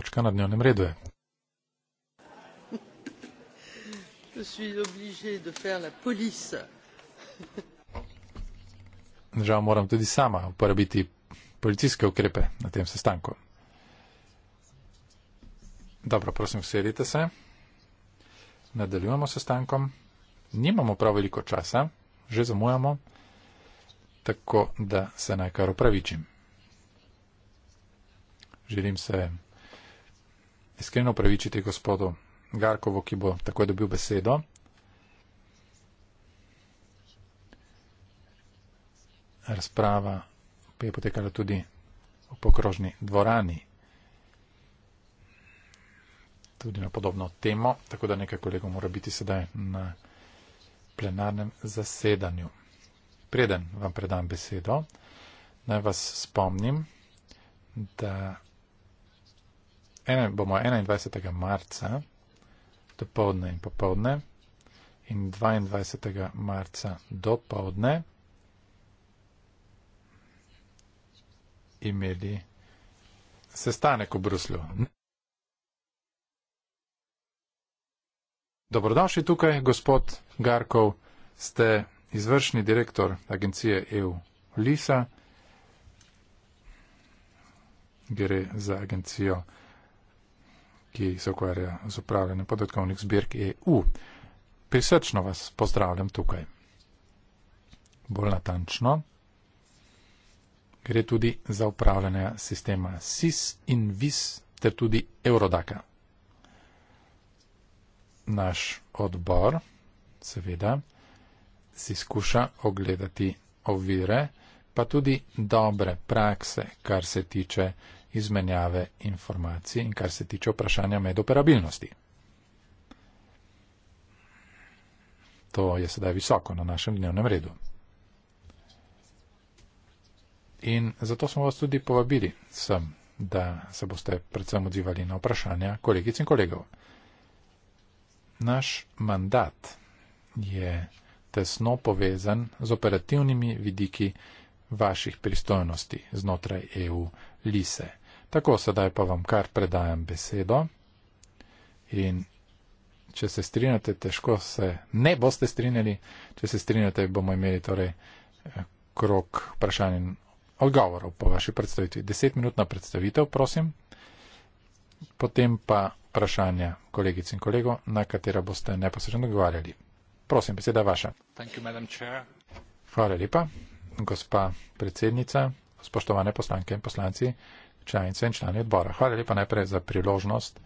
točka na dnevnem redu je. Žal moram tudi sama uporabiti policijske ukrepe na tem sestanku. Dobro, prosim, sedite se. Nadaljujemo sestankom. Nimamo prav veliko časa, že zamujamo, tako da se najkar opravičim. Želim se iskreno pravičiti gospodu Garkovu, ki bo takoj dobil besedo. Razprava pa je potekala tudi v pokrožni dvorani, tudi na podobno temo, tako da nekaj kolegov mora biti sedaj na plenarnem zasedanju. Preden vam predam besedo, naj vas spomnim, da ena, bomo 21. marca, dopoledne in popoldne, in 22. marca dopoledne imeli sestanek v Bruslju. Dobrodošli tukaj, gospod Garkov, ste izvršni direktor agencije EU Lisa. Gre za agencijo ki se ukvarja z upravljanjem podatkovnih zbirk EU. Prisrčno vas pozdravljam tukaj. Bolj natančno gre tudi za upravljanje sistema SIS in VIS ter tudi Eurodaka. Naš odbor seveda si skuša ogledati ovire, pa tudi dobre prakse, kar se tiče izmenjave informacij in kar se tiče vprašanja medoperabilnosti. To je sedaj visoko na našem dnevnem redu. In zato smo vas tudi povabili sem, da se boste predvsem odzivali na vprašanja kolegic in kolegov. Naš mandat je tesno povezan z operativnimi vidiki vaših pristojnosti znotraj EU-lise. Tako, sedaj pa vam kar predajam besedo. In če se strinjate, težko se ne boste strinjali. Če se strinjate, bomo imeli torej eh, krok vprašanj in odgovorov po vaši predstavitvi. Deset minut na predstavitev, prosim. Potem pa vprašanja kolegic in kolego, na katera boste neposredno odgovarjali. Prosim, beseda je vaša. You, Hvala lepa, gospa predsednica, spoštovane poslanke in poslanci članice in člani odbora. Hvala lepa najprej za priložnost,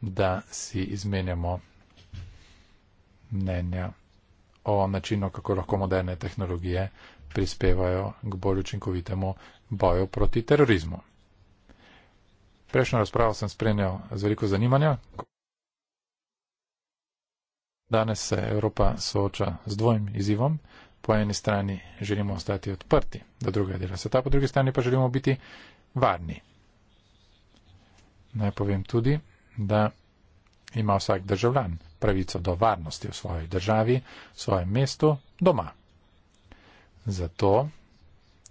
da si izmenjamo mnenja o načinu, kako lahko moderne tehnologije prispevajo k bolj učinkovitemu boju proti terorizmu. Prejšnjo razpravo sem spremljal z veliko zanimanja. Danes se Evropa sooča z dvojim izzivom. Po eni strani želimo ostati odprti, da druga dela se ta, po drugi strani pa želimo biti varni naj povem tudi, da ima vsak državljan pravico do varnosti v svoji državi, v svojem mestu, doma. Zato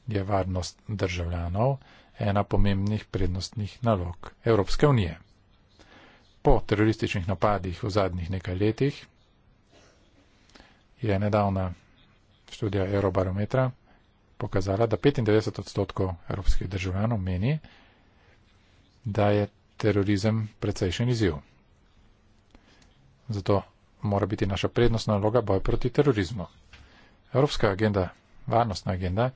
je varnost državljanov ena pomembnih prednostnih nalog Evropske unije. Po terorističnih napadih v zadnjih nekaj letih je nedavna študija Eurobarometra pokazala, da 95 odstotkov evropskih državljanov meni, da je terorizem precejšen izjiv. Zato mora biti naša prednostna naloga boj proti terorizmu. Evropska agenda, varnostna agenda,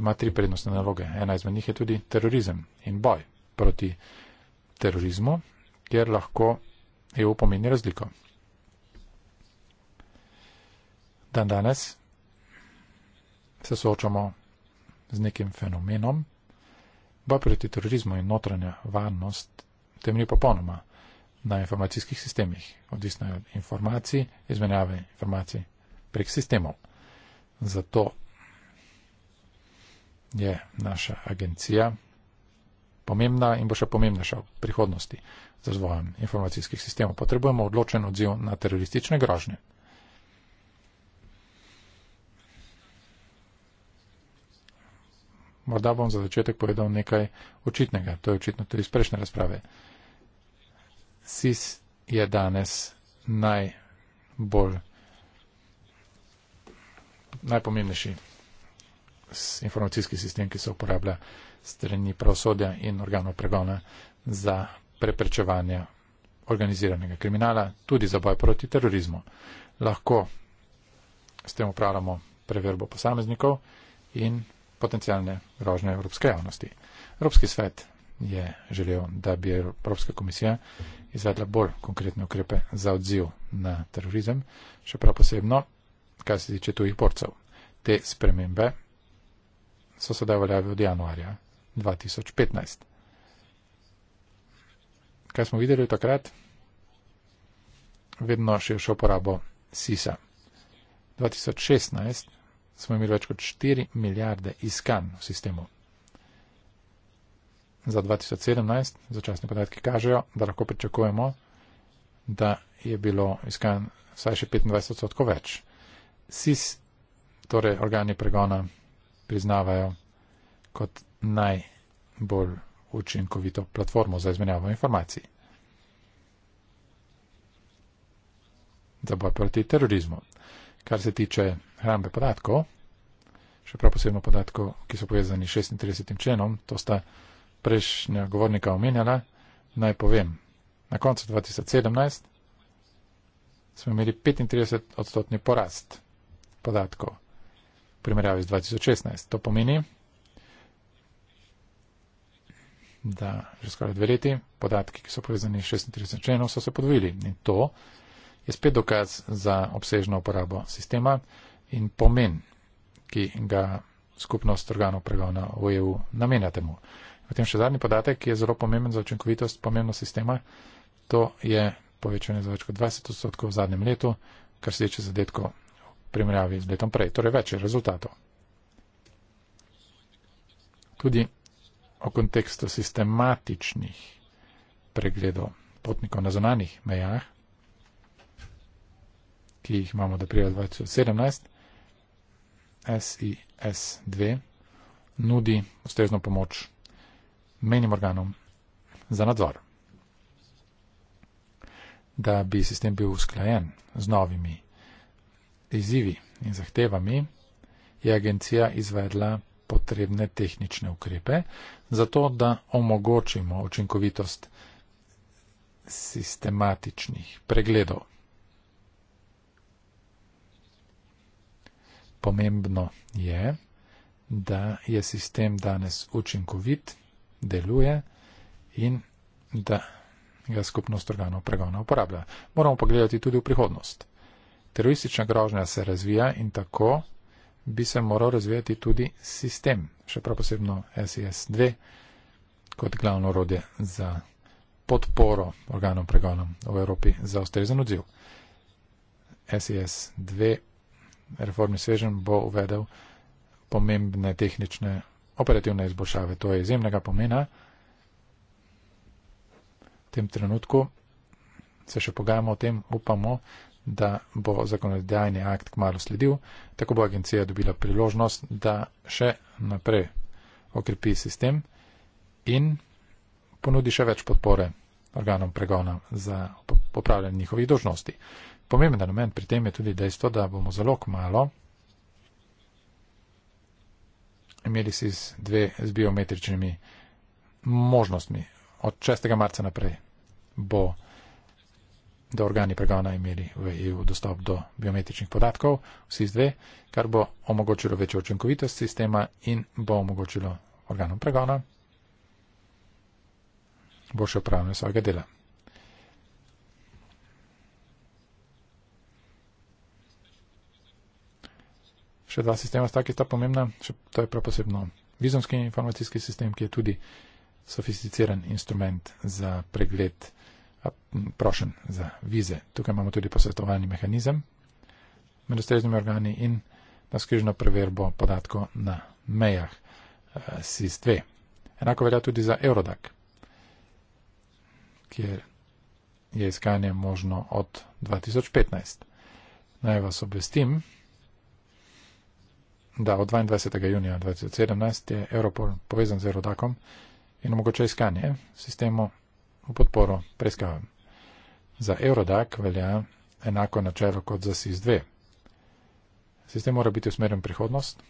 ima tri prednostne naloge. Ena izmed njih je tudi terorizem in boj proti terorizmu, kjer lahko EU pomeni razliko. Dan danes se soočamo z nekim fenomenom. Boj proti terorizmu in notranja varnost temelji popolnoma na informacijskih sistemih, odvisno je od informacij, izmenjave informacij prek sistemov. Zato je naša agencija pomembna in bo še pomembnejša v prihodnosti z razvojem informacijskih sistemov. Potrebujemo odločen odziv na teroristične grožnje. morda bom za začetek povedal nekaj očitnega. To je očitno tudi iz prejšnje razprave. SIS je danes najbolj najpomembnejši informacijski sistem, ki se uporablja strani pravosodja in organov pregona za preprečevanje organiziranega kriminala, tudi za boj proti terorizmu. Lahko s tem upravljamo preverbo posameznikov in potencijalne grožnje evropske javnosti. Evropski svet je želel, da bi Evropska komisija izvedla bolj konkretne ukrepe za odziv na terorizem, še prav posebno, kar se tiče tujih borcev. Te spremembe so sedaj veljavi od januarja 2015. Kaj smo videli takrat? Vedno širšo uporabo SISA. 2016 smo imeli več kot 4 milijarde iskanj v sistemu. Za 2017 začasne podatke kažejo, da lahko pričakujemo, da je bilo iskanj vsaj še 25 odstotkov več. SIS, torej organi pregona, priznavajo kot najbolj učinkovito platformo za izmenjavo informacij. Za boj proti terorizmu. Kar se tiče hrambe podatkov, še prav posebno podatkov, ki so povezani s 36. členom, to sta prejšnja govornika omenjala, naj povem, na koncu 2017 smo imeli 35 odstotni porast podatkov v primerjavi z 2016. To pomeni, da že skoraj dve leti podatki, ki so povezani s 36. členom, so se podvojili. In to je spet dokaz za obsežno uporabo sistema, in pomen, ki ga skupnost organov pregona v EU namenja temu. Potem še zadnji podatek, ki je zelo pomemben za učinkovitost pomembno sistema, to je povečanje za več kot 20 odstotkov v zadnjem letu, kar se tiče zadetkov v primerjavi z letom prej, torej več rezultatov. Tudi o kontekstu sistematičnih pregledov potnikov na zonanih mejah, ki jih imamo do prijela 2017, SIS-2 nudi ustrezno pomoč menjim organom za nadzor. Da bi sistem bil usklajen z novimi izzivi in zahtevami, je agencija izvedla potrebne tehnične ukrepe, zato da omogočimo učinkovitost sistematičnih pregledov. pomembno je, da je sistem danes učinkovit, deluje in da ga skupnost organov pregona uporablja. Moramo pa gledati tudi v prihodnost. Teroristična grožnja se razvija in tako bi se moral razvijati tudi sistem, še prav posebno SES-2 kot glavno orodje za podporo organom pregonom v Evropi za ustrezen odziv. SES-2 reformni svežen bo uvedel pomembne tehnične operativne izboljšave. To je izjemnega pomena. V tem trenutku se še pogajamo o tem, upamo, da bo zakonodajni akt kmalo sledil, tako bo agencija dobila priložnost, da še naprej okrepi sistem in ponudi še več podpore organom pregona za popravljanje njihovih dožnosti. Pomemben moment pri tem je tudi dejstvo, da bomo zelo kmalo imeli si z dve z biometričnimi možnostmi. Od 6. marca naprej bo, da organi pregona imeli v EU dostop do biometričnih podatkov, vsi z dve, kar bo omogočilo večjo učinkovitost sistema in bo omogočilo organom pregona boljše upravljanje svojega dela. še dva sistema, sta ki sta pomembna, še to je prav posebno vizumski informacijski sistem, ki je tudi sofisticiran instrument za pregled prošen za vize. Tukaj imamo tudi posvetovalni mehanizem med ustreznimi organi in naskrižno preverbo podatkov na mejah SIS-2. Enako velja tudi za Eurodac, kjer je iskanje možno od 2015. Naj vas obvestim da od 22. junija 2017 je Europol povezan z Eurodakom in omogoča iskanje sistemu v podporo preiskavam. Za Eurodak velja enako načelo kot za SIS-2. Sistem mora biti usmerjen v prihodnost.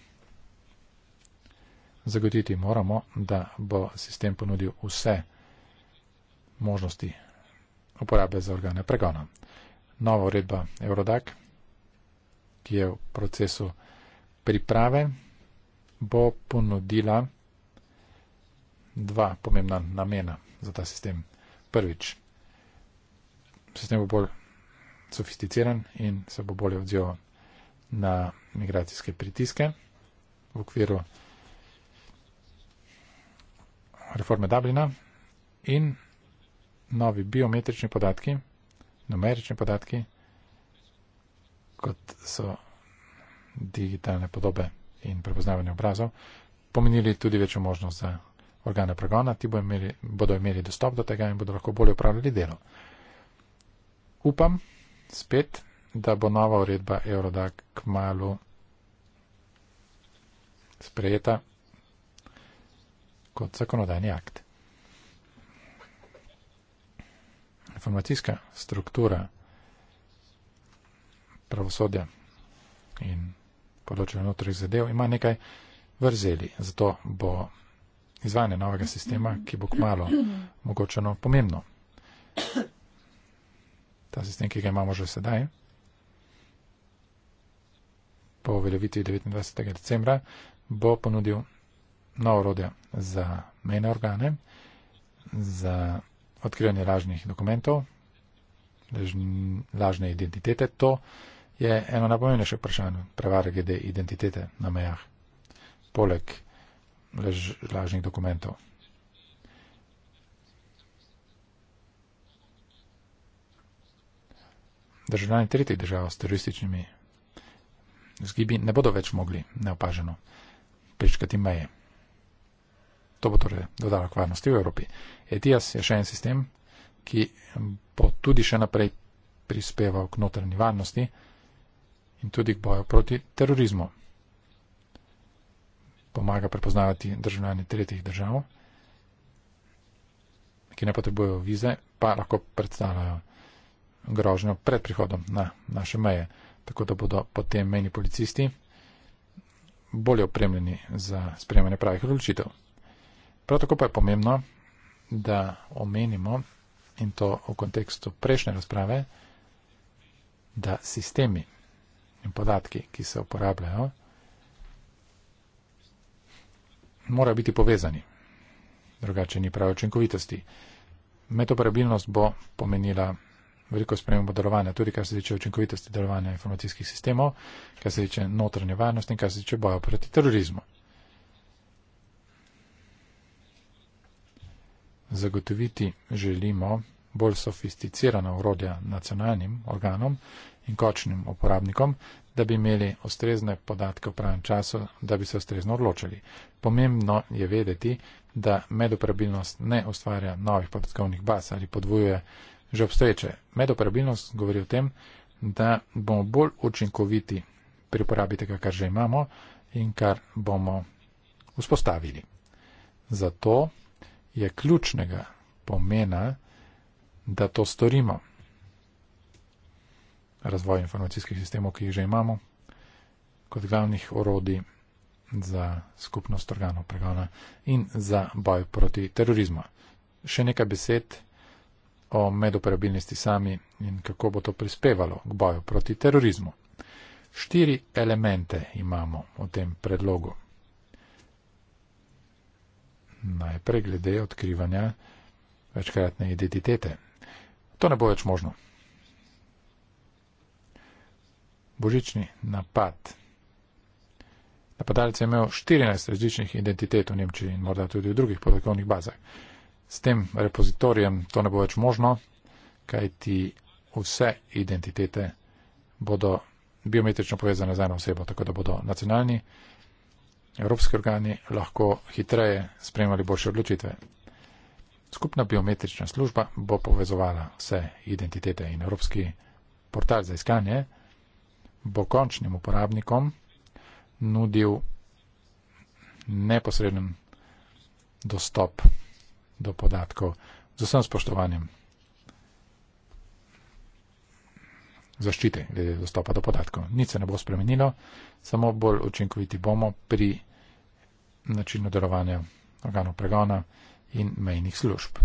Zagotiti moramo, da bo sistem ponudil vse možnosti uporabe za organe pregona. Nova uredba Eurodac, ki je v procesu priprave bo ponudila dva pomembna namena za ta sistem. Prvič, sistem bo bolj sofisticiran in se bo bolje odzival na migracijske pritiske v okviru reforme Dublina in novi biometrični podatki, numerični podatki, kot so digitalne podobe in prepoznavanje obrazov, pomenili tudi večjo možnost za organe pregona, ti bodo imeli, bodo imeli dostop do tega in bodo lahko bolje upravljali delo. Upam spet, da bo nova uredba Eurodac k malu sprejeta kot zakonodajni akt. Informacijska struktura pravosodja in področju notranjih zadev, ima nekaj vrzeli. Zato bo izvajanje novega sistema, ki bo kmalo mogočeno pomembno. Ta sistem, ki ga imamo že sedaj, po uveljavitvi 29. decembra, bo ponudil novo orodje za mejne organe, za odkrivanje lažnih dokumentov, lažne identitete. To je eno najpomembnejše vprašanje prevare glede identitete na mejah, poleg lež, lažnih dokumentov. Državljani tretjih držav s terorističnimi zgibi ne bodo več mogli neopaženo prečkati meje. To bo torej dodalo k varnosti v Evropi. ETIAS je še en sistem, ki bo tudi še naprej prispeval k notranji varnosti in tudi k boju proti terorizmu. Pomaga prepoznavati državljane tretjih držav, ki ne potrebujejo vize, pa lahko predstavljajo grožnjo pred prihodom na naše meje, tako da bodo potem meni policisti bolje opremljeni za sprejemanje pravih odločitev. Prav tako pa je pomembno, da omenimo in to v kontekstu prejšnje razprave, da sistemi in podatki, ki se uporabljajo, mora biti povezani. Drugače ni prav učinkovitosti. Metoperabilnost bo pomenila veliko spremembo delovanja, tudi kar se tiče učinkovitosti delovanja informacijskih sistemov, kar se tiče notranje varnosti in kar se tiče boja proti terorizmu. Zagotoviti želimo bolj sofisticirana urodja nacionalnim organom, in končnim uporabnikom, da bi imeli ustrezne podatke v pravem času, da bi se ustrezno odločili. Pomembno je vedeti, da medoperabilnost ne ustvarja novih podatkovnih baz ali podvojuje že obstoječe. Medoperabilnost govori o tem, da bomo bolj učinkoviti pri uporabi tega, kar že imamo in kar bomo vzpostavili. Zato je ključnega pomena, da to storimo razvoj informacijskih sistemov, ki jih že imamo, kot glavnih orodij za skupnost organov pregona in za boj proti terorizmu. Še nekaj besed o medoperabilnosti sami in kako bo to prispevalo k boju proti terorizmu. Štiri elemente imamo v tem predlogu. Najprej glede odkrivanja večkratne identitete. To ne bo več možno božični napad. Napadalec je imel 14 različnih identitet v Nemčiji in morda tudi v drugih podatkovnih bazah. S tem repozitorijem to ne bo več možno, kaj ti vse identitete bodo biometrično povezane z eno osebo, tako da bodo nacionalni evropski organi lahko hitreje spremljali boljše odločitve. Skupna biometrična služba bo povezovala vse identitete in evropski portal za iskanje bo končnim uporabnikom nudil neposreden dostop do podatkov. Z vsem spoštovanjem zaščite glede dostopa do podatkov. Nič se ne bo spremenilo, samo bolj učinkoviti bomo pri načinu delovanja organov pregona in mejnih služb.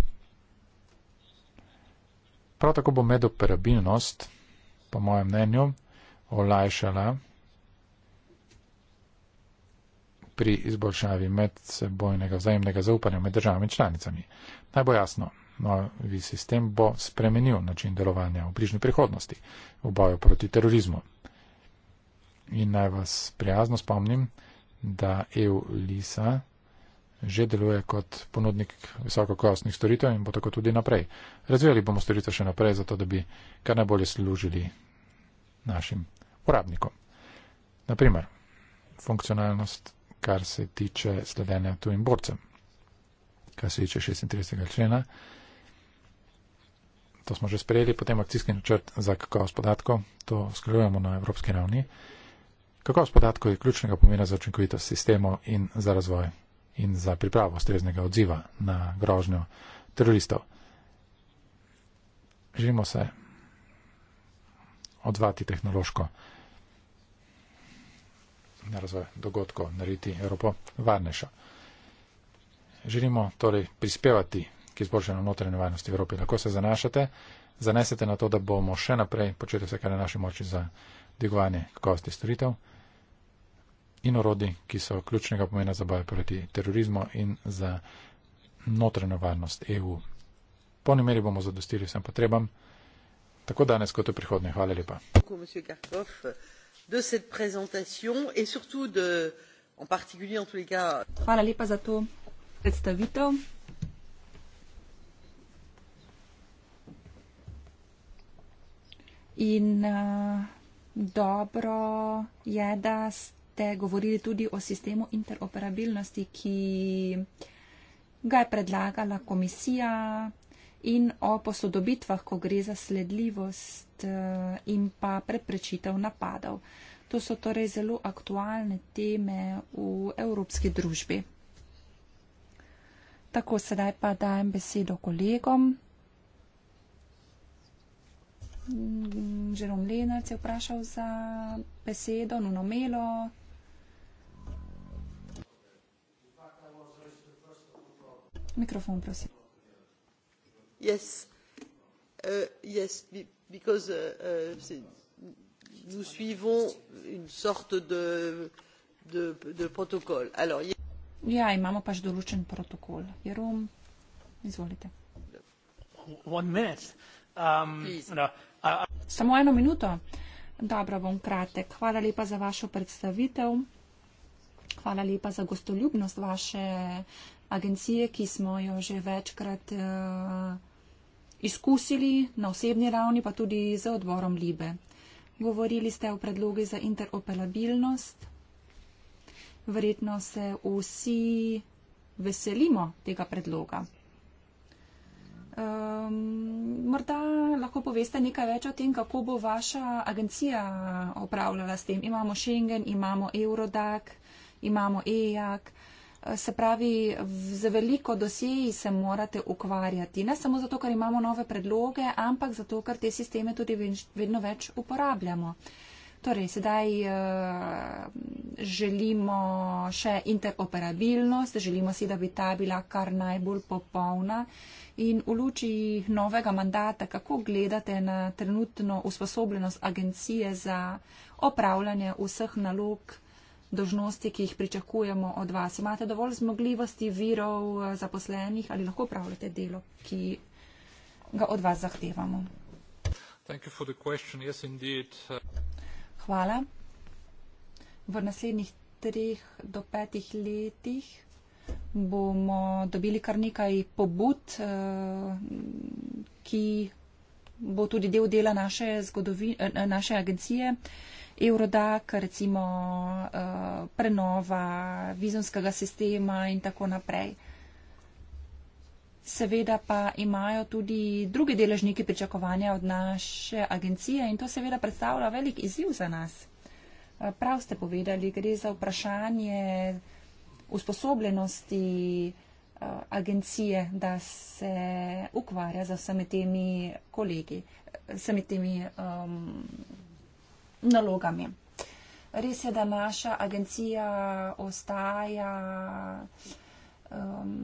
Prav tako bo medoperabilnost, po mojem mnenju, olajšala pri izboljšavi medsebojnega vzajemnega zaupanja med državami članicami. Naj bo jasno, novi sistem bo spremenil način delovanja v bližnji prihodnosti v boju proti terorizmu. In naj vas prijazno spomnim, da EU Lisa že deluje kot ponudnik visokokostnih storitev in bo tako tudi naprej. Razvijali bomo storitev še naprej, zato da bi kar najbolje služili našim uporabnikom. Naprimer, funkcionalnost, kar se tiče sledenja tujim borcem, kar se tiče 36. člena, to smo že sprejeli, potem akcijski načrt za kakovost podatkov, to skrivamo na evropski ravni. Kakovost podatkov je ključnega pomena za učinkovitost sistemov in za razvoj in za pripravo ustreznega odziva na grožnjo teroristov. Želimo se odzvati tehnološko na razvoj dogodkov, narediti Evropo varnejšo. Želimo torej prispevati k izboljšanju notranje varnosti v Evropi. Lahko se zanašate, zanesete na to, da bomo še naprej početi vse, kar je na naši moči za dvigovanje kakovosti storitev in orodi, ki so ključnega pomena za boj proti terorizmu in za notranjo varnost EU. Po nemeri bomo zadostili vsem potrebam, tako danes kot v prihodnje. Hvala lepa. Tako, de cette présentation et surtout de en particulier en tous les cas Hvala lepa za to predstavitev. In uh, dobro je, da ste govorili tudi o sistemu interoperabilnosti, ki ga je predlagala komisija in o posodobitvah, ko gre za sledljivost eh, in pa preprečitev napadov. To so torej zelo aktualne teme v evropski družbi. Tako, sedaj pa dajem besedo kolegom. Žerom Lenarc je vprašal za besedo, Nuno Melo. Mikrofon, prosim yes uh, yes because uh, uh, nous suivons une sorte de de de protocole. Alors Ja, imamo pač določen protokol. Jerom, izvolite. One minute. Um, no, I, I... Samo eno minuto. Dobro, bom kratek. Hvala lepa za vašo predstavitev. Hvala lepa za gostoljubnost vaše agencije, ki smo jo že večkrat eh, izkusili na osebni ravni, pa tudi z odborom Libe. Govorili ste o predlogi za interoperabilnost. Verjetno se vsi veselimo tega predloga. Um, morda lahko poveste nekaj več o tem, kako bo vaša agencija opravljala s tem. Imamo Schengen, imamo Eurodac, imamo EJAC. Uh, Se pravi, za veliko dosjeji se morate ukvarjati. Ne samo zato, ker imamo nove predloge, ampak zato, ker te sisteme tudi vedno več uporabljamo. Torej, sedaj uh, želimo še interoperabilnost, želimo si, da bi ta bila kar najbolj popolna in v luči novega mandata, kako gledate na trenutno usposobljenost agencije za opravljanje vseh nalog dožnosti, ki jih pričakujemo od vas? Imate dovolj zmogljivosti, virov, eh, zaposlenih ali lahko pravljate delo, ki ga od vas zahtevamo? Yes, uh, Hvala. V naslednjih treh do petih letih bomo dobili kar nekaj pobud, eh, ki bo tudi del dela naše, zgodovin, eh, eh, naše agencije Eurodac, recimo eh, prenova vizonskega sistema in tako naprej. Seveda pa imajo tudi drugi deležniki pričakovanja od naše agencije in to seveda predstavlja velik izziv za nas. Prav ste povedali, gre za vprašanje usposobljenosti, Eh, agencije, da se ukvarja z vsemi temi kolegi, vsemi temi um, nalogami. Res je, da naša agencija ostaja, um,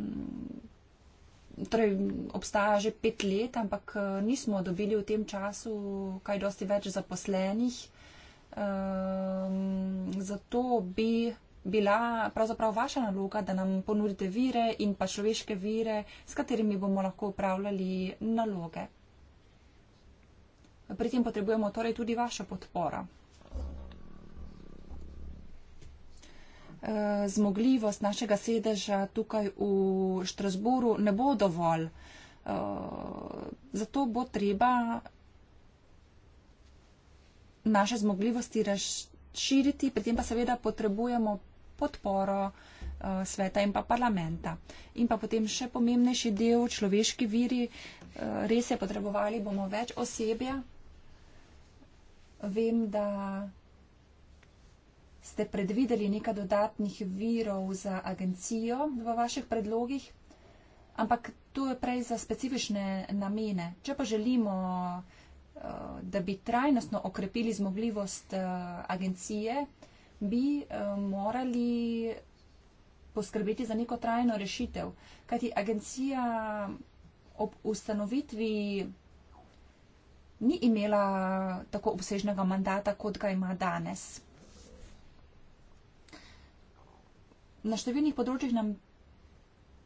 torej obstaja že pet let, ampak eh, nismo dobili v tem času kaj dosti več zaposlenih. Um, zato bi bila pravzaprav vaša naloga, da nam ponudite vire in pa človeške vire, s katerimi bomo lahko upravljali naloge. Pri tem potrebujemo torej tudi vašo podporo. Eh, zmogljivost našega sedeža tukaj v Štrasburu ne bo dovolj. Eh, zato bo treba naše zmogljivosti razširiti, pri tem pa seveda potrebujemo podporo eh, sveta in pa parlamenta. In pa potem še pomembnejši del, človeški viri, eh, res je potrebovali bomo več osebja. Vem, da ste predvideli nekaj dodatnih virov za agencijo v vaših predlogih, ampak to je prej za specifične namene. Če pa želimo, eh, da bi trajnostno okrepili zmogljivost agencije, bi eh, morali poskrbeti za neko trajno rešitev. Kajti agencija ob ustanovitvi ni imela tako obsežnega mandata, kot ga ima danes. Na številnih področjih nam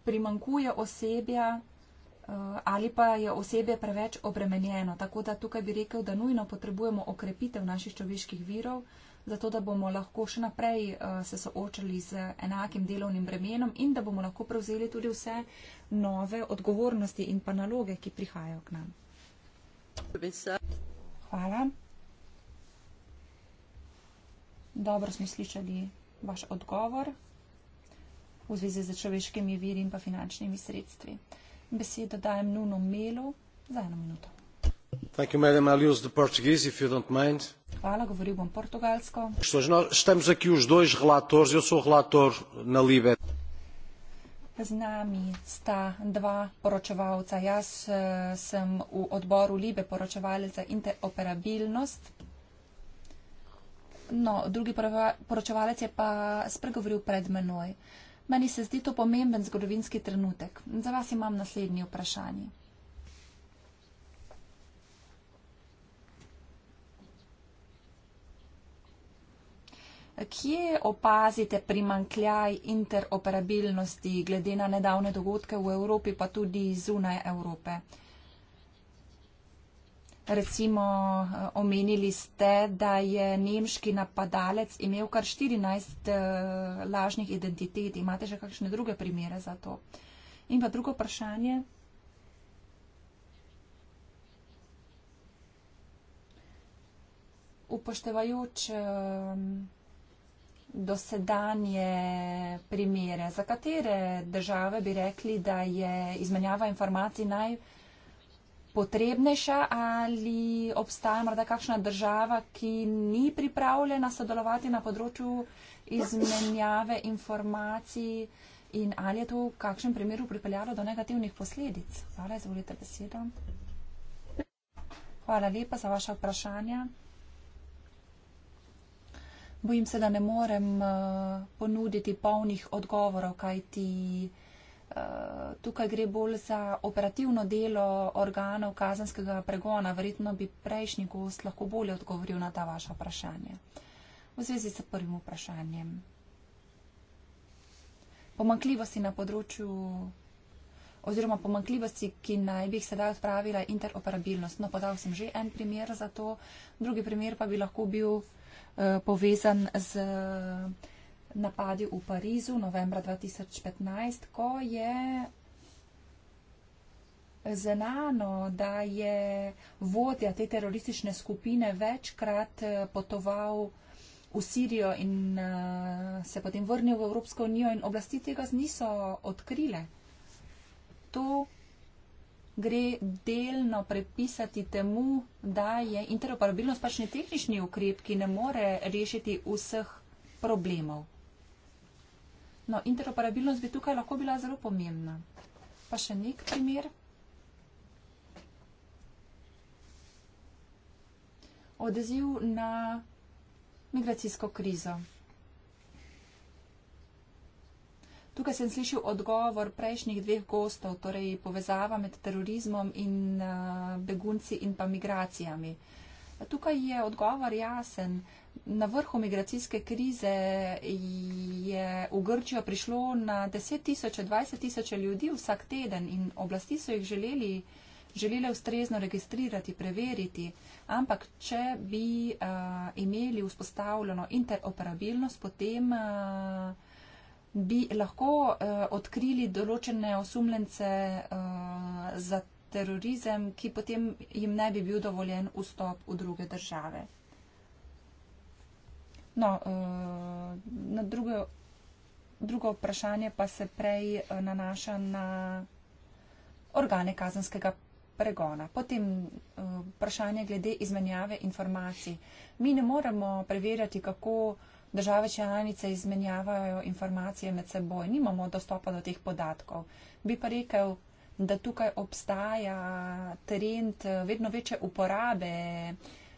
primankuje osebja eh, ali pa je osebje preveč obremenjeno. Tako da tukaj bi rekel, da nujno potrebujemo okrepitev naših človeških virov, zato da bomo lahko še naprej eh, se soočali z enakim delovnim bremenom in da bomo lahko prevzeli tudi vse nove odgovornosti in pa naloge, ki prihajajo k nam. Hvala. Dobro smo slišali vaš odgovor v zvezi z človeškimi viri in pa finančnimi sredstvi. Besedo dajem Nuno Melu za eno minuto. Hvala, govoril bom portugalsko. Estamos aqui os dois relatores, eu sou relator na Libe. Z nami sta dva poročevalca. Jaz eh, sem v odboru Libe poročevalec za interoperabilnost. No, drugi poročevalec je pa spregovoril pred menoj. Meni se zdi to pomemben zgodovinski trenutek. Za vas imam naslednje vprašanje. Kje opazite primankljaj interoperabilnosti glede na nedavne dogodke v Evropi, pa tudi zunaj Evrope? Recimo, eh, omenili ste, da je nemški napadalec imel kar 14 eh, lažnih identitet. Imate še kakšne druge primere za to? In pa drugo vprašanje. Upoštevajoč eh, dosedanje primere? Za katere države bi rekli, da je izmenjava informacij najpotrebnejša ali obstaja morda kakšna država, ki ni pripravljena sodelovati na področju izmenjave informacij in ali je to v kakšnem primeru pripeljalo do negativnih posledic? Hvala, izvolite besedo. Hvala lepa za vaše vprašanje bojim se, da ne morem eh, ponuditi polnih odgovorov, kajti eh, tukaj gre bolj za operativno delo organov kazanskega pregona. Verjetno bi prejšnji gost lahko bolje odgovoril na ta vaša vprašanja. V zvezi s prvim vprašanjem. Pomankljivosti na področju oziroma pomankljivosti, ki naj bi jih sedaj odpravila interoperabilnost. No, podal sem že en primer za to. Drugi primer pa bi lahko bil Eh, povezan z eh, napadi v Parizu novembra 2015, ko je znano, da je vodja te teroristične skupine večkrat eh, potoval v Sirijo in se potem vrnil v Evropsko unijo in oblasti tega niso odkrile. To gre delno predpisati temu, da je interoperabilnost pač ne tehnični ukrep, ki ne more rešiti vseh problemov. No, interoperabilnost bi tukaj lahko bila zelo pomembna. Pa še nek primer. Odziv na migracijsko krizo. Tukaj sem slišal odgovor prejšnjih dveh gostov, torej povezava med terorizmom in eh, begunci in pa migracijami. Tukaj je odgovor jasen. Na vrhu migracijske krize je v Grčijo prišlo na 10 tisoče, 20 tisoče ljudi vsak teden in oblasti so jih želeli, želele ustrezno registrirati, preveriti. Ampak, če bi uh, imeli vzpostavljeno interoperabilnost, potem uh, bi lahko uh, odkrili določene osumljence uh, za terorizem, ki potem jim ne bi bil dovoljen vstop v druge države. No, uh, na drugo, drugo vprašanje pa se prej nanaša na organe kazanskega pregona. Potem uh, vprašanje glede izmenjave informacij. Mi ne moremo preverjati, kako uh, države članice izmenjavajo informacije med seboj, nimamo dostopa do teh podatkov. Bi pa rekel, da tukaj obstaja trend eh, vedno večje uporabe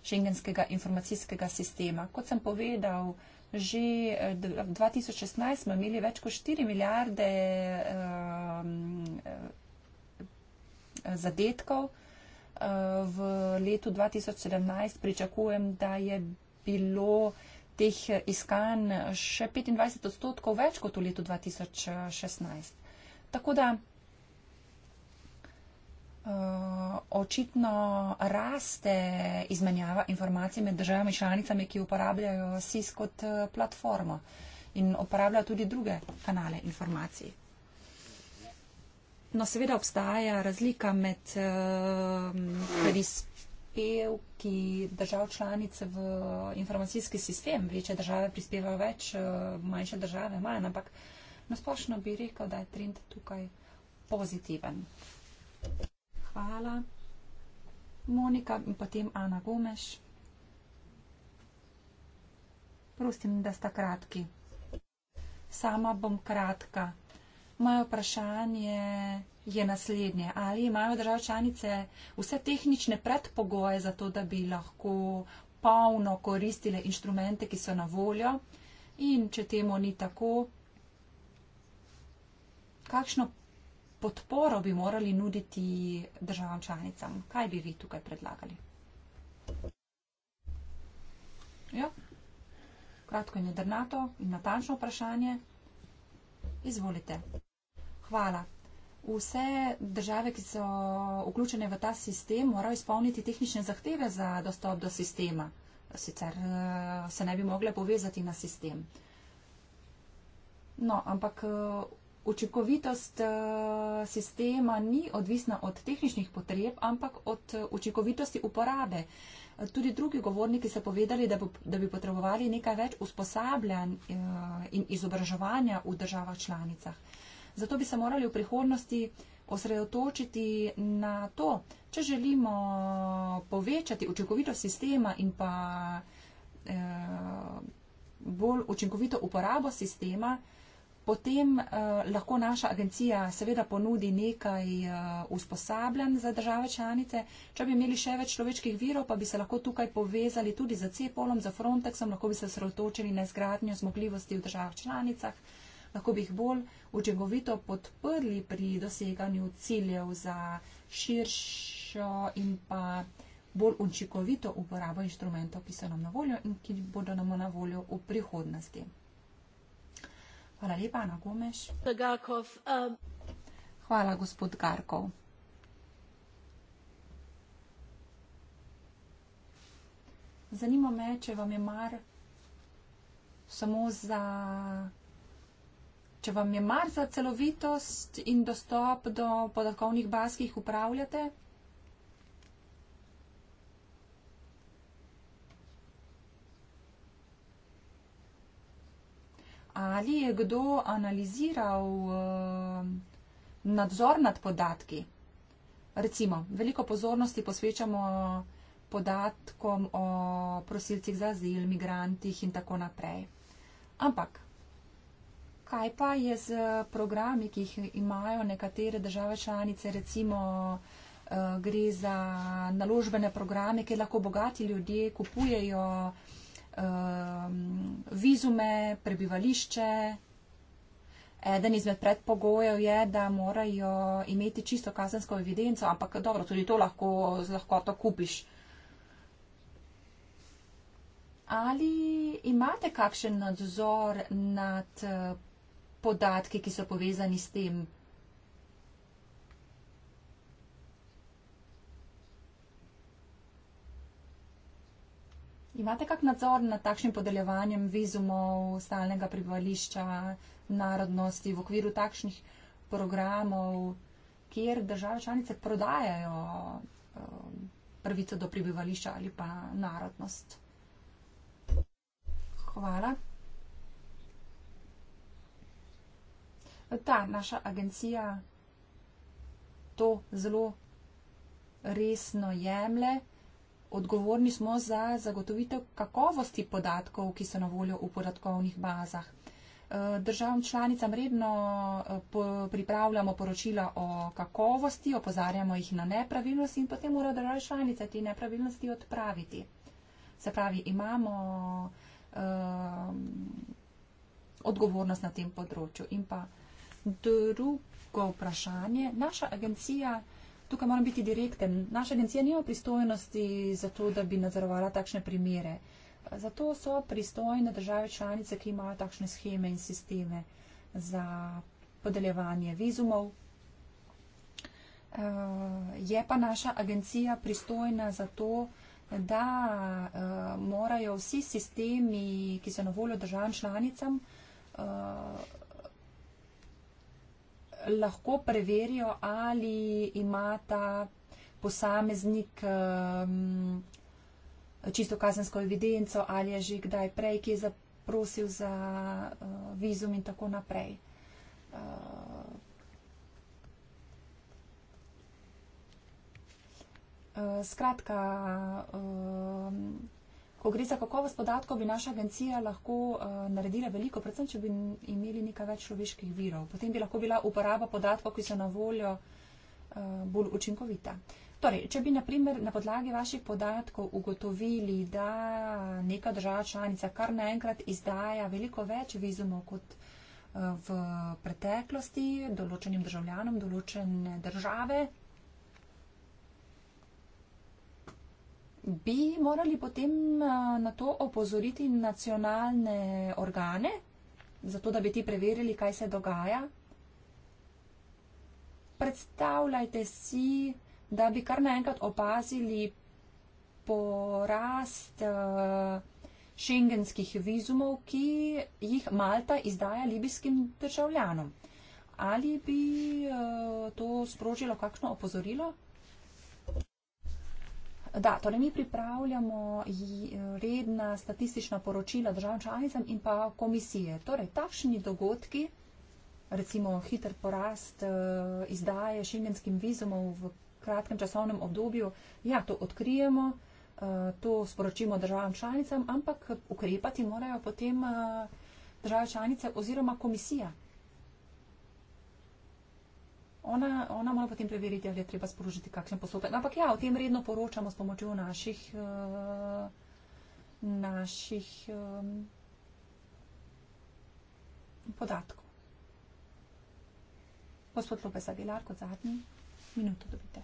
šengenskega informacijskega sistema. Kot sem povedal, že eh, v 2016 smo imeli več kot 4 milijarde uh, zadetkov. Uh, v letu 2017 pričakujem, da je bilo uh, teh eh, iskanj še 25 odstotkov več kot v letu 2016. Tako da eh, očitno raste izmenjava informacij med državami članicami, ki uporabljajo SIS kot eh, platformo in uporabljajo tudi druge kanale informacij. No, seveda obstaja razlika med uh, prispev, ki držav članice v informacijski sistem, večje države prispevajo več, eh, manjše države manj, ampak nasplošno bi rekel, da je trend tukaj pozitiven. Hvala. Monika in potem Ana Gomeš. Prosim, da sta kratki. Sama bom kratka. Moje vprašanje je naslednje. Ali imajo države članice vse tehnične predpogoje za to, da bi lahko polno koristile inštrumente, ki so na voljo? In če temu ni tako, kakšno podporo bi morali nuditi državam članicam? Kaj bi vi tukaj predlagali? Jo. Ja. Kratko in jedrnato in natančno vprašanje. Izvolite. Hvala. Vse države, ki so vključene v ta sistem, morajo izpolniti tehnične zahteve za dostop do sistema, sicer eh, se ne bi mogle povezati na sistem. No, ampak eh, učinkovitost eh, sistema ni odvisna od tehničnih potreb, ampak od učinkovitosti uporabe. Tudi drugi govorniki so povedali, da bi, da bi potrebovali nekaj več usposabljanj in izobraževanja v državah članicah. Zato bi se morali v prihodnosti osredotočiti na to, če želimo povečati učinkovitost sistema in pa eh, bolj učinkovito uporabo sistema, potem eh, lahko naša agencija seveda ponudi nekaj eh, usposabljanj za države članice. Če bi imeli še več človeških virov, pa bi se lahko tukaj povezali tudi za CEPOL-om, za Frontexom, lahko bi se osredotočili na izgradnjo zmogljivosti v državah članicah. Eh, lahko bi jih bolj učinkovito podprli pri doseganju ciljev za širšo in pa bolj učinkovito uporabo inštrumentov, ki so nam na voljo in ki bodo nam na voljo v prihodnosti. Hvala lepa, Ana Gomeš. Um, Hvala, gospod Garkov. Zanima me, če vam je mar samo za če vam je mar za celovitost in dostop do podatkovnih baz, ki jih upravljate. Ali je kdo analiziral eh, nadzor nad podatki? Recimo, veliko pozornosti posvečamo podatkom o prosilcih za azil, migrantih in tako naprej. Ampak Kaj pa je z programi, ki jih imajo nekatere države članice, recimo eh, gre za naložbene programe, kjer lahko bogati ljudje kupujejo eh, vizume, prebivališče. Eden izmed predpogojev je, da morajo imeti čisto kazensko evidenco, ampak dobro, tudi to lahko z lahkoto kupiš. Ali imate kakšen nadzor nad eh, podatki, ki so povezani s tem. Imate kak nadzor nad takšnim podeljevanjem vizumov, stalnega prebivališča, narodnosti v okviru takšnih programov, kjer države članice prodajajo um, pravico do prebivališča ali pa narodnost? Hvala. ta naša agencija to zelo resno jemlje. Odgovorni smo za zagotovitev kakovosti podatkov, ki so na voljo v podatkovnih bazah. Eh, državam članicam redno eh, pripravljamo poročila o kakovosti, opozarjamo jih na nepravilnosti in potem morajo države članice te nepravilnosti odpraviti. Se pravi, imamo um, odgovornost na tem področju in pa. Drugo vprašanje. Naša agencija, tukaj moram biti direkten, naša agencija nima pristojnosti za to, da bi nadzorovala takšne primere. Zato so pristojne države članice, ki imajo takšne scheme in sisteme za podeljevanje vizumov. Eh, je pa naša agencija pristojna za to, da eh, morajo vsi sistemi, ki so na voljo državam članicam, eh, lahko preverijo, ali ima ta posameznik um, čisto kazensko evidenco, ali je že kdaj prej, ki je zaprosil za uh, vizum in tako naprej. Uh, uh, skratka, uh, Ko gre za kakovost podatkov, bi naša agencija lahko uh, naredila veliko, predvsem, če bi imeli nekaj več človeških virov. Potem bi lahko bila uporaba podatkov, ki so na voljo, uh, bolj učinkovita. Torej, če bi naprimer na podlagi vaših podatkov ugotovili, da neka država članica kar naenkrat izdaja veliko več vizumov kot uh, v preteklosti določenim državljanom določene države, bi morali potem eh, na to opozoriti nacionalne organe, zato da bi ti preverili, kaj se dogaja. Predstavljajte si, da bi kar naenkrat opazili porast eh, šengenskih vizumov, ki jih Malta izdaja libijskim državljanom. Ali bi eh, to sprožilo kakšno opozorilo? Da, torej mi pripravljamo eh, redna statistična poročila državam članicam in pa komisije. Torej, takšni dogodki, recimo hiter porast eh, izdaje šengenskim vizumov v kratkem časovnem obdobju, ja, to odkrijemo, eh, to sporočimo državam članicam, ampak ukrepati morajo potem države članice oziroma komisija ona, ona mora potem preveriti, ali je treba sporožiti kakšen postopek. Ampak ja, o tem redno poročamo s pomočjo naših, uh, naših um, podatkov. Gospod Lopes Aguilar, kot zadnji, minuto dobite.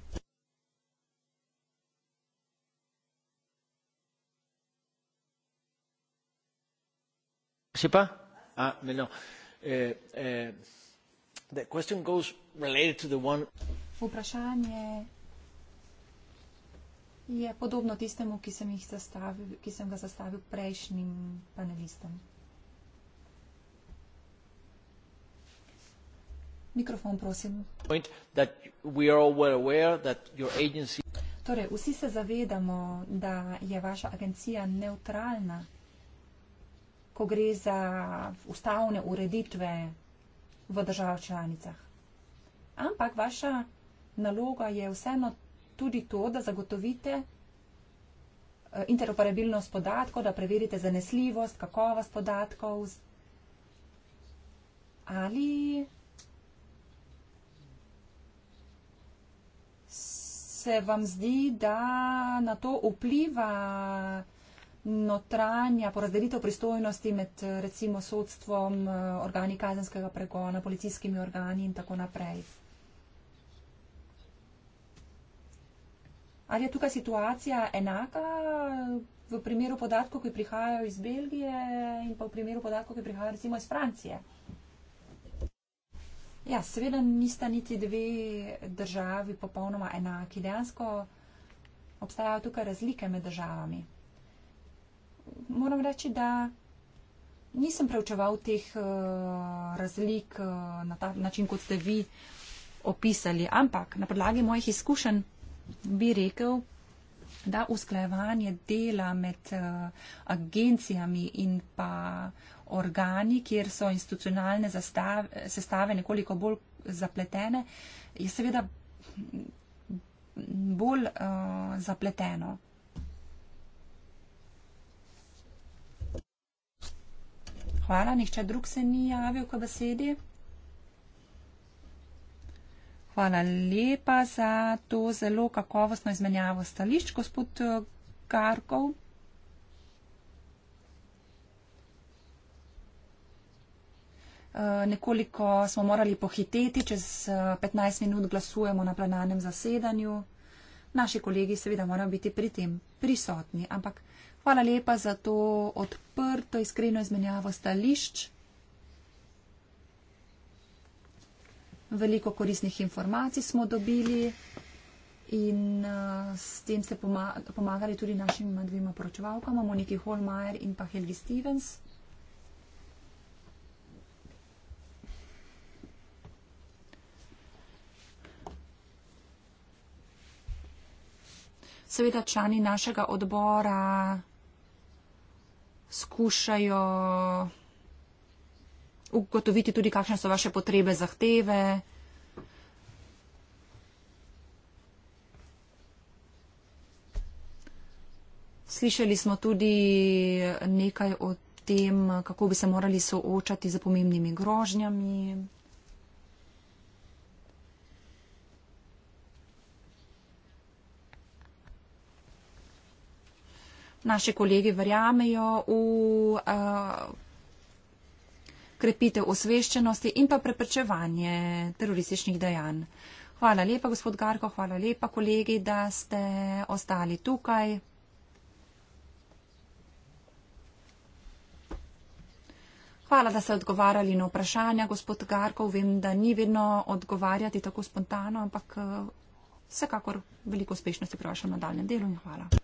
Je pa? A, no. eh, eh. That question goes related to the one. Vprašanje je podobno tistemu, ki sem, jih zastavil, ki sem ga zastavil prejšnjim panelistom. Mikrofon, prosim. Point that we are all well aware that your agency. Torej, vsi se zavedamo, da je vaša agencija neutralna, ko gre za ustavne ureditve v državah članicah. Ampak vaša naloga je vseeno tudi to, da zagotovite eh, interoperabilnost podatkov, da preverite zanesljivost, kakovost podatkov. Ali se vam zdi, da na to vpliva notranja porazdelitev pristojnosti med eh, recimo sodstvom, eh, organi kazenskega pregona, policijskimi organi in tako naprej. Ali je tukaj situacija enaka eh, v primeru podatkov, ki prihajajo iz Belgije in pa v primeru podatkov, ki prihajajo recimo iz Francije? Ja, seveda nista niti dve državi popolnoma enaki. Dejansko obstajajo tukaj razlike med državami moram reči, da nisem preučeval teh eh, razlik eh, na ta način, kot ste vi opisali, ampak na podlagi mojih izkušenj bi rekel, da usklajevanje dela med eh, agencijami in pa organi, kjer so institucionalne zastave, sestave nekoliko bolj zapletene, je seveda bolj uh, zapleteno. Hvala. Nihče drug se ni javil k besedi? Hvala lepa za to zelo kakovostno izmenjavo stališč, gospod eh, Garkov. Eh, nekoliko smo morali pohiteti, čez 15 eh, minut glasujemo na plenarnem zasedanju. Naši kolegi seveda morajo biti pri tem prisotni, ampak. Hvala lepa za to odprto, iskreno izmenjavo stališč. Veliko korisnih informacij smo dobili in uh, s tem ste pomaga pomagali tudi našim dvima poročevalkama, Moniki Holmajer in pa Helgi Stevens. Seveda člani našega odbora skušajo ugotoviti tudi, kakšne so vaše potrebe, zahteve. Slišali smo tudi nekaj o tem, kako bi se morali soočati z pomembnimi grožnjami. naši kolegi verjamejo v uh, krepitev osveščenosti in pa preprečevanje terorističnih dejanj. Hvala lepa, gospod Garko, hvala lepa, kolegi, da ste ostali tukaj. Hvala, da ste odgovarjali na vprašanja, gospod Garkov. Vem, da ni vedno odgovarjati tako spontano, ampak eh, vsekakor veliko uspešnosti pri vašem nadaljem delu in hvala.